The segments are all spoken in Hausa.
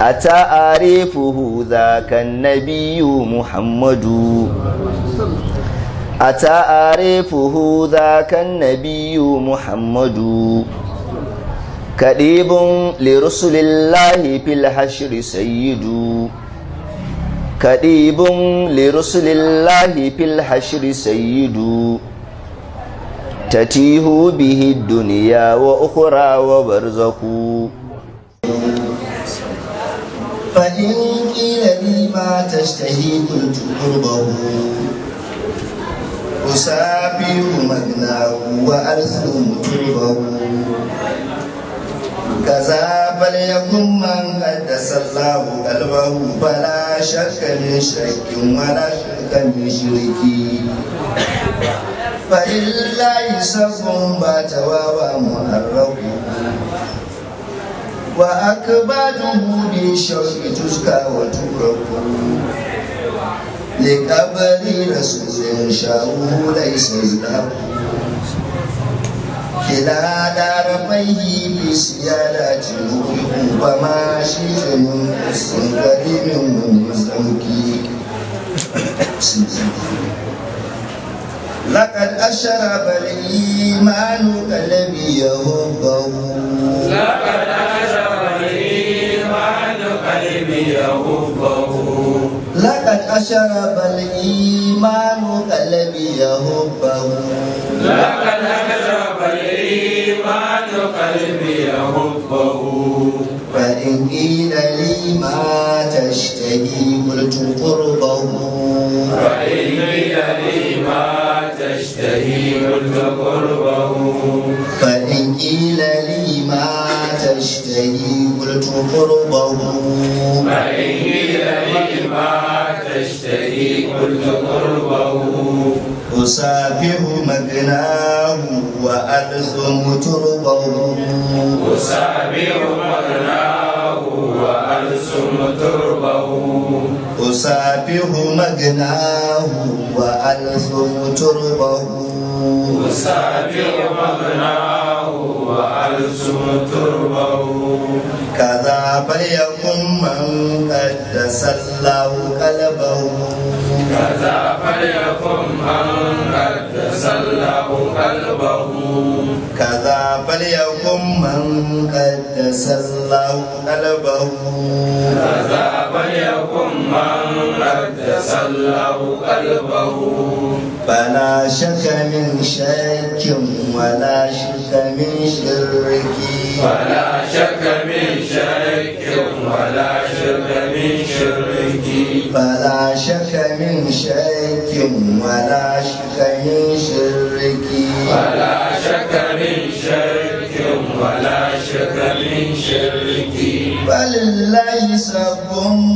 أتعرفه ذاك النبي محمد أتعرفه ذاك النبي محمد كريب لرسل الله في الحشر سيد كريب لرسل الله في الحشر سيد تتيه به الدنيا وأخرى وبرزقوا فإن قيل لي ما تشتهي قلت قربه أسابيه مدناه وأرسلهم تربه كذا فليكن من قدس الله قلبه فلا شك من شك ولا شك من شرك فلله سفهم بات وهو معرف wa akbaduhu bi sharri tuska wa turaku li qabli rasulin shahu laysa zaku ila darbayhi bi siyalati ruhi wa ma shi'tum sun qadimun musanki لقد أشرب الإيمان الذي يهبه لقد شرب الإيمان قلبي حبه لقد أشرب الإيمان قلبي حبه فإن قيل لي ما تشتهي قلت قربه فإن قيل لي ما تشتهي قلت قربه فإن قيل لي ما تشتهي قلت قربه فإن قيل لي ما أسافر مدناه وألزم تربه أسافر مدناه وألزم تربه أسافر مدناه وألزم تربه أسافر مجناه وألزم تربه كذا فليكن من قدس الله قلبه كذا فليكن من قدس الله قلبه كذا فليكن من قدس الله قلبه وسلم قلبه فلا شك من شك ولا شك من شرك فلا شك من شك ولا شك من شرك فلا شك من شك ولا شك من شرك فلا شك من شك ولا شك من شرك فلله سب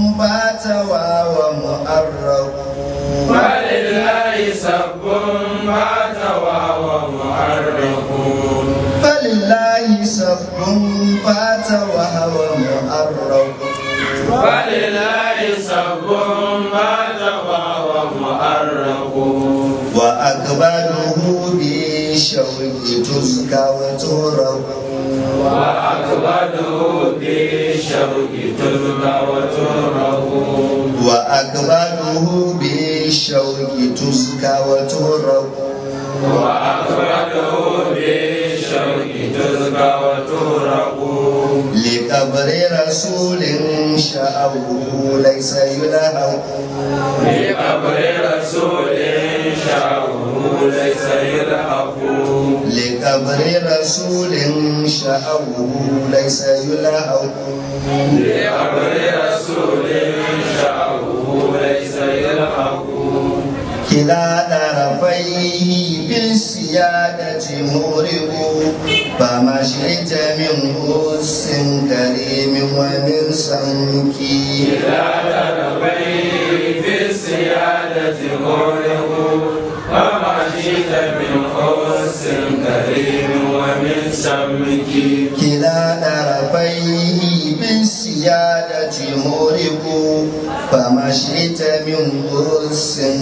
من فات وهو مؤرب ولله سب مات وهو مؤرب وأقبله بالشوق تزكى وترب وأقبله بالشوق تزكى وترب وأقبله بالشوق تزكى وترب وأقبله بالشوق لقبر رسول شأوه ليس يلهق لقبر رسول شأوه ليس يلهق لقبر رسول شأوه ليس يلهق لقبر رسول شأوه ليس يلهق كلا طرفيه Kila darapai, yada te moriku. min samu ki. Kila darapai, ibi si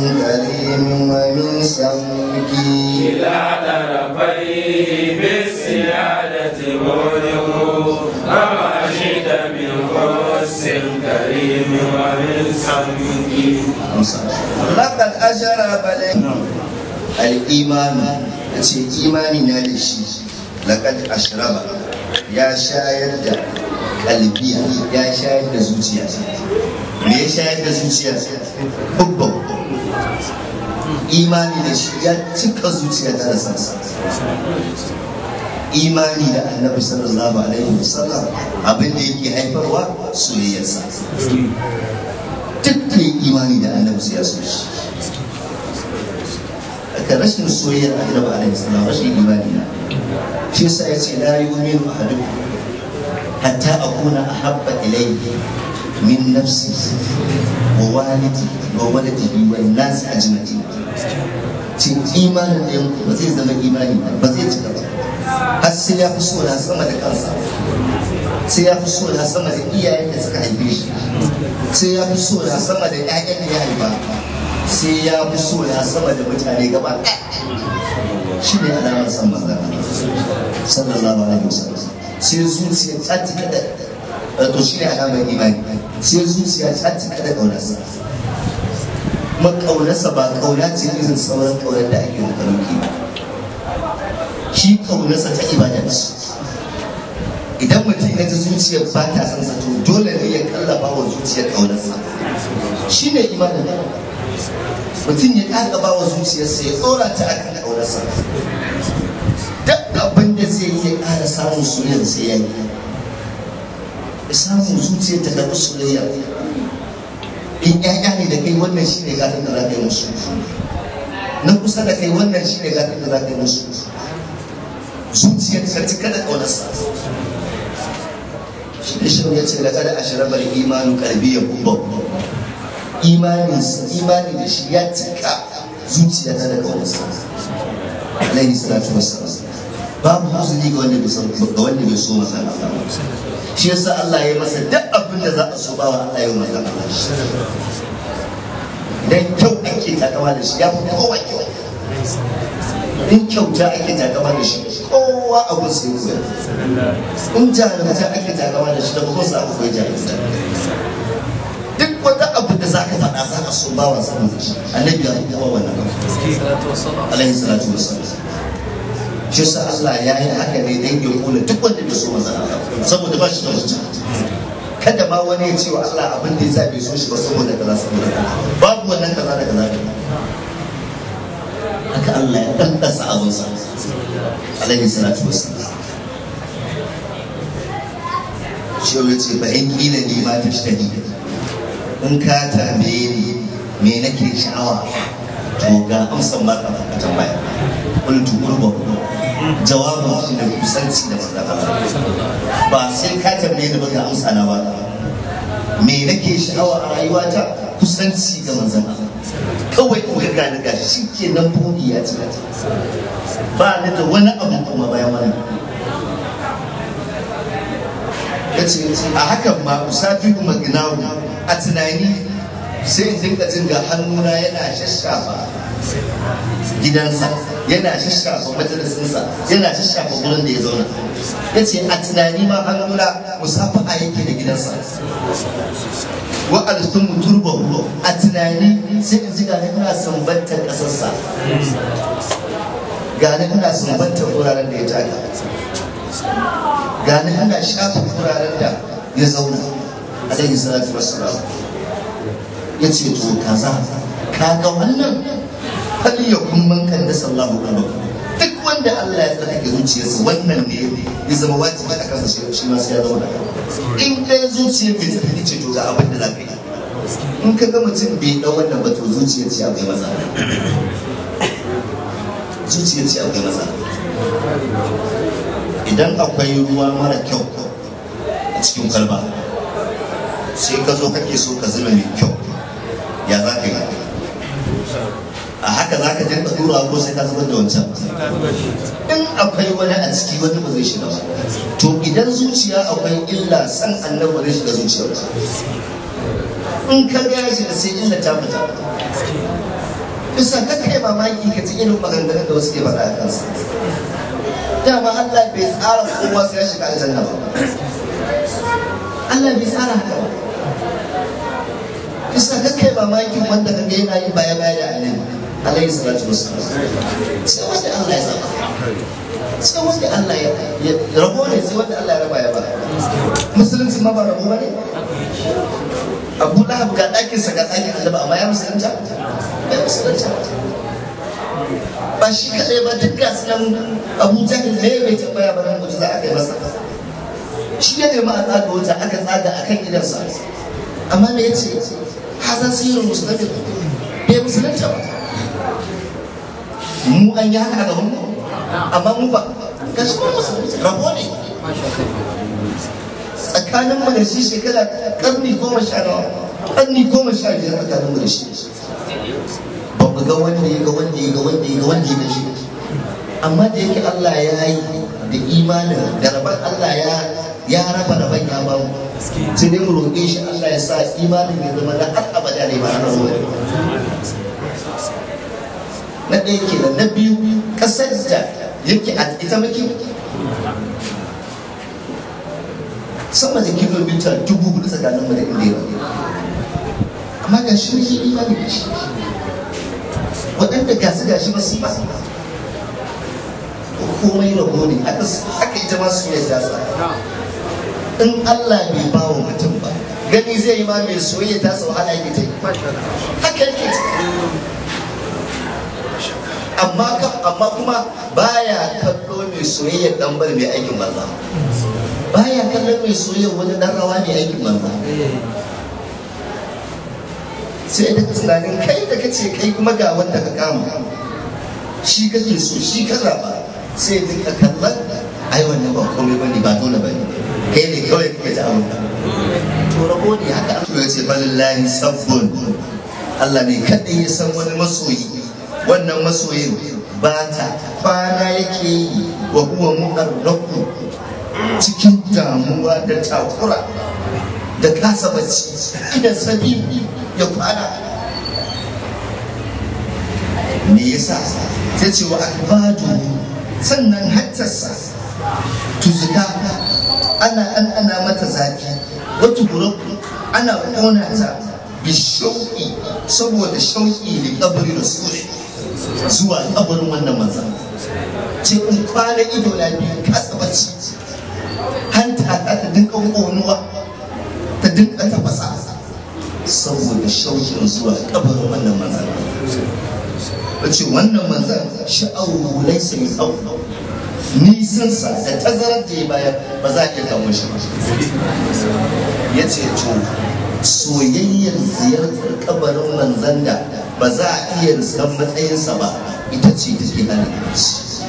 min samu ki. إلى طرفيه بالسيادة مولده كما شئت من حس كريم ومن سمك لقد أجرب الإيمان ce imani na da shi laƙad ashraba ya shayar da kalbiya ya shayar da zuciya me ya shayar da zuciya hubba imani da shi ya cika zuciya ta rasa imani da annabi sallallahu alaihi wasallam abin da yake haifarwa soyayyarsa duk da imani da annabi sai ya so shi aka rashin soyayyar annabi alaihi wasallam rashin imani na shi sa ya ce la yu'minu ahadukum hatta akuna ahabba ilayhi min nafsi wa walidi wa waladihi wa nasi ajma'in cin imanin da yanku ba zai zama imani ba zai cika ba har sai ya fi so na sama da kansa sai ya fi so na sama da iyayen da suka haife shi sai ya fi so na sama da 'ya'yan da ya haifa sai ya fi so na sama da mutane gaba shi ne alamar san manzara sallallahu alaihi wasallam sai zuciya ta kada, da to shi ne alamar imani sai zuciya ta kada da kaunarsa makaunarsa ba kauna ce irin sauran ƙaunar da ake makarauki ba shi ƙaunarsa ta ibada ce idan mutum ya ji zuciyar ba ta san zato, dole ne ya kallaba wa zuciyar ƙaunarsa shi ne ibada mutum ya kallaba wa zuciyarsa ya tsora ta kan ƙaunarsa duk abin da zai yi kara ƙara samun soyayyar sai ya yi samun zuciyar ta karɓi soyayya in ƴaƴa ne da kai wannan shi ne gatan da za ka yi musu na kusa da kai wannan shi ne gatan da za ka yi musu zuciyar ka ci kada ƙaunarsa shi ne shi ya ce da kada a shirabar imanin karbi ya kuma imanin imani da shi ya cika zuciya ta da ƙaunarsa alaihi salatu wasu babu huzuni ga wanda ga wanda bai so masa shi yasa Allah ya masa duk abin da za a so bawa Allah ya masa dan kyau ake takawa da shi ya fi kowa kyau in kyauta ake takawa da shi kowa abun sai koya in jarumta ake takawa da shi da kuma sa akwai jarumta duk wata abu da za ka faɗa za a so bawa sa annabi ya yi kawo wannan abu alaihi salatu wasallam shi sa Allah ya yi haka ne dan ya kula duk wanda bai so manzon saboda ba shi da hujja kada ma wani ya ce wa Allah abin da yasa bai so shi ba saboda kaza saboda babu wannan kaza da kaza haka Allah ya dandasa abin sa alaihi salatu wassalam shi ya ce ba in kila ni ma tashtani in ka tambaye ni me nake sha'awa to ga amsan ma ta tambaya kultu urba Jawabin shi da kusanci da manzan ba sai ka tambaye ni ba ga amsa na ba me nake sha'awa a rayuwata kusanci da manzan kawai ku ga gani gashi shi ke ya ci ba ni da wani abu kuma bayan wannan ya a hakan ma usafi kuma ginawu a tunani sai in dinga jin ga hannuna yana shashafa gidansa yana shafa majalisinsa yana shafa gurin da ya zauna ya ce a tunani ma an nuna a yake da gidansa wa alsun turbahu a tunani sai in ji ga kuna sambanta kasarsa ga kuna sambanta wuraren da ya taka ga kuna shafa wuraren da ya zauna a alaihi salatu wassalam ya ce to kaza ka ga wannan fal ya man kan da sallahu alaihi duk wanda Allah ya tsarkake zuciyarsa wannan ne ya zama wajibi a kansa shi ma sai ya zama da in kai zuciyar bai tsarkake ce to ga abin da za ka yi in ka gama jin bai ɗau wannan ba to zuciyar ce akwai maza. zuciyar ce akwai maza. idan akwai ruwa mara kyau a cikin kalba sai ka zo kake so ka zama mai kyau ya za ka yi a haka za ka jan dura ko sai ka zama da wancan in akwai wani a ciki wani ba zai shiga ba to idan zuciya akwai illa san annan ba zai shiga zuciya ba in ka ga ya shiga sai illa ta fita bisa ka kai mamaki ka ci irin maganganun da wasu ke faɗa a kansa dama Allah bai tsara kowa sai ya shiga aljanna ba Allah bai tsara haka ba bisa ka kai mamakin wanda ka ga yana yi baya baya da annabi alaihi salatu wasallam sai wanda Allah ya zaba sai wanda Allah ya rabo ne sai wanda Allah ya raba ya ba musulunci ma ba rabo ba ne Abu Lahab ga ɗakin sa ga ɗakin Annabi amma ya musulunta ya musulunta ba shi kaɗai ba duk ga sunan Abu Jahil ne bai tambaya ba nan mutum za a kai masa shi ne ma a tsaga wuta aka tsaga akan gidansa amma me yace hazan sirrin musulmi bai musulunta ba mu an yi haka da gaban mu amma mu ba gaskiya kuma rabo ne tsakanin mu da shi shekara karni goma sha nawa karni goma sha biyar tsakanin mu da shi ba mu ga wanda ya ga wanda ya ga wanda ya ga wanda ya ga shi amma da yake Allah ya yi da imanin da rabar Allah ya ya raba raban ya ba mu sai dai mu roƙe shi Allah ya sa imanin ya zama na har abada ne ba na rabuwa na ɗaya ke na biyu ƙasar da yake a ita muke sama da kilomita dubu hudu tsakanin mu da yi amma ga shi muke imani da shi waɗanda ga su masu ba komai rabo ne aka yi su masu yi sa. in Allah bai ba wa mutum ba gani zai yi ma mai soyayya sau hana yake ta yi haka yake amma amma kuma baya kallo mai soyayyar dan bar mai aikin banza baya kallo mai soyayyar wani dan rawa mai aikin banza sai da tunanin kai da kace kai kuma ga wanda ka kama shi kake so shi ka zaba sai ka kallon ai wannan ba komai bane ba dole bane kai ne kawai kake da abin to rabo ne haka Allah ya ce balillahi sabbun Allah ne kadai ya san wani masoyi wannan masoyin ba ta kwana yake yi wa huwa mu'arraku cikin damuwa da takura da kasa bacci idan sabi ya kwana me yasa ta ce wa albadu sannan hattarsa tuzuka ana an ana mata zafi wata buraku ana kona ta shauƙi saboda shauki da kabari rasuli zuwa kabarin wannan manzan ce in kwana ido na biyu kasa bacci hanta ta ta dinka ƙonuwa ta dinka tafasa saboda shaukin zuwa kabarin wannan manzan wace wannan manzan sha'awu laisa mai tsawo nisan sa da tazarar da ya bayar ba za a iya kawo shi ya ce to soyayyar ziyartar kabarin manzan da ba za a iya san matsayinsa ba ita ce take da shi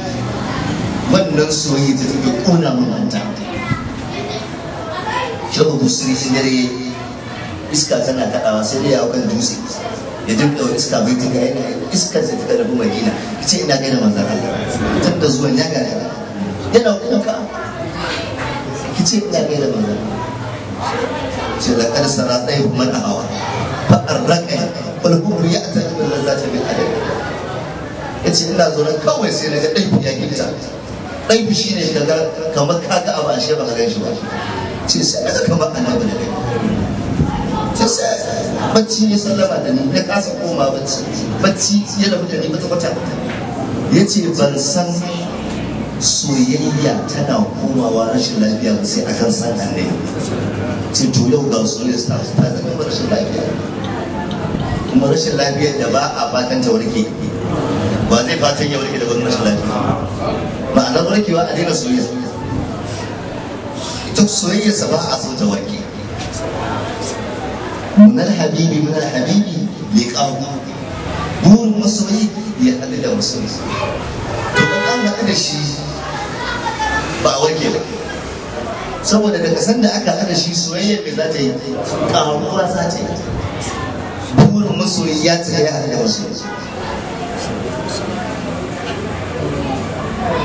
wannan soyayya ta take kona mamanta shehu busri shi dare iska tana taɗawa sai dai ya kan dutse ya da iska bai tuka yana iska zai fita kuma gina ce ina gina manzan Allah tun da zuwan ya gane yana kuka ki ce ina gina manzan Allah ce da na tsaye kuma da hawa fa'arraƙai balhuru ya ta da lallata min adam ya ce ina zaune kawai sai daga ɗaifi ya gifta ɗaifi shi ne kaga kamar kaga abu a shi ba ka gan shi ba ce sai daga kamar annabi da ɗaifi bacci ya sallama da ni na kasa koma bacci bacci ya rabu da ni kwata kwata ya ce ban san soyayya tana komawa rashin lafiya ba sai akan san annabi ce to yau ga soyayya ta zama rashin lafiya kuma rashin lafiyar da ba a fatan ta warke ba zai fatan ya warke da wani rashin lafiya ma'anar warkewa a daina soyayya ita soyayyarsa ba a so ta warke munar habibi munar habibi ne ƙahu burin masoyi ya haɗu da masoyi to ba ɗan haɗu da shi ba warke ba saboda daga da aka haɗa shi soyayya mai za ta yi ƙaruwa za ta yi masuriyatiha ya annabi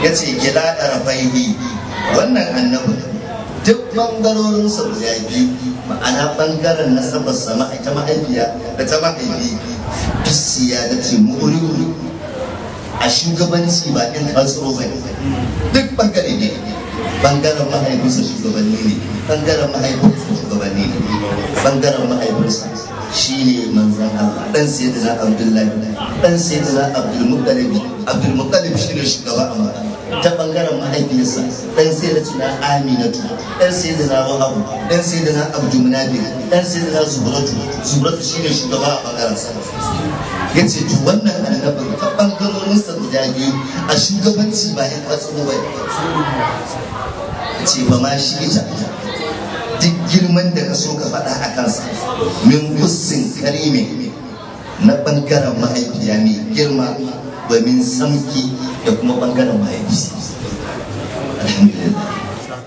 ya ce gida ɗarfaihi wannan annabi duk ɓangarorin sa guda biyu ma'ana ɓangaren nasabar sama ita mahaifiya da ta mahaifi fisiya da ce muri a shugabanci ba ɗin kansoro ba ne duk ɓangare ne ɓangaren mahaifinsa shugabanni ne ɓangaren mahaifinsa shugabanni bangaren mahaifinsa shi ne manzan Allah dan sai da na Abdullahi dan sai da na Abdulmuttalib Abdulmuttalib shi ne shugaba a maka ta bangaren mahaifinsa dan sai da na Aminatu dan sai da na Wahabu dan sai da na Abdulmunabi dan sai da na Zubratu Zubratu shi ne shugaba a bangaren sa yace to wannan annabin ta bangarorin sa guda biyu a shugabanci ba ya kwatsu ba ce ba ma shi ita duk girman da ka so ka faɗa a kansa min kussin karime na ɓangaren mahaifiya mai girma domin samki da kuma ɓangaren mahaifi alhamdulillah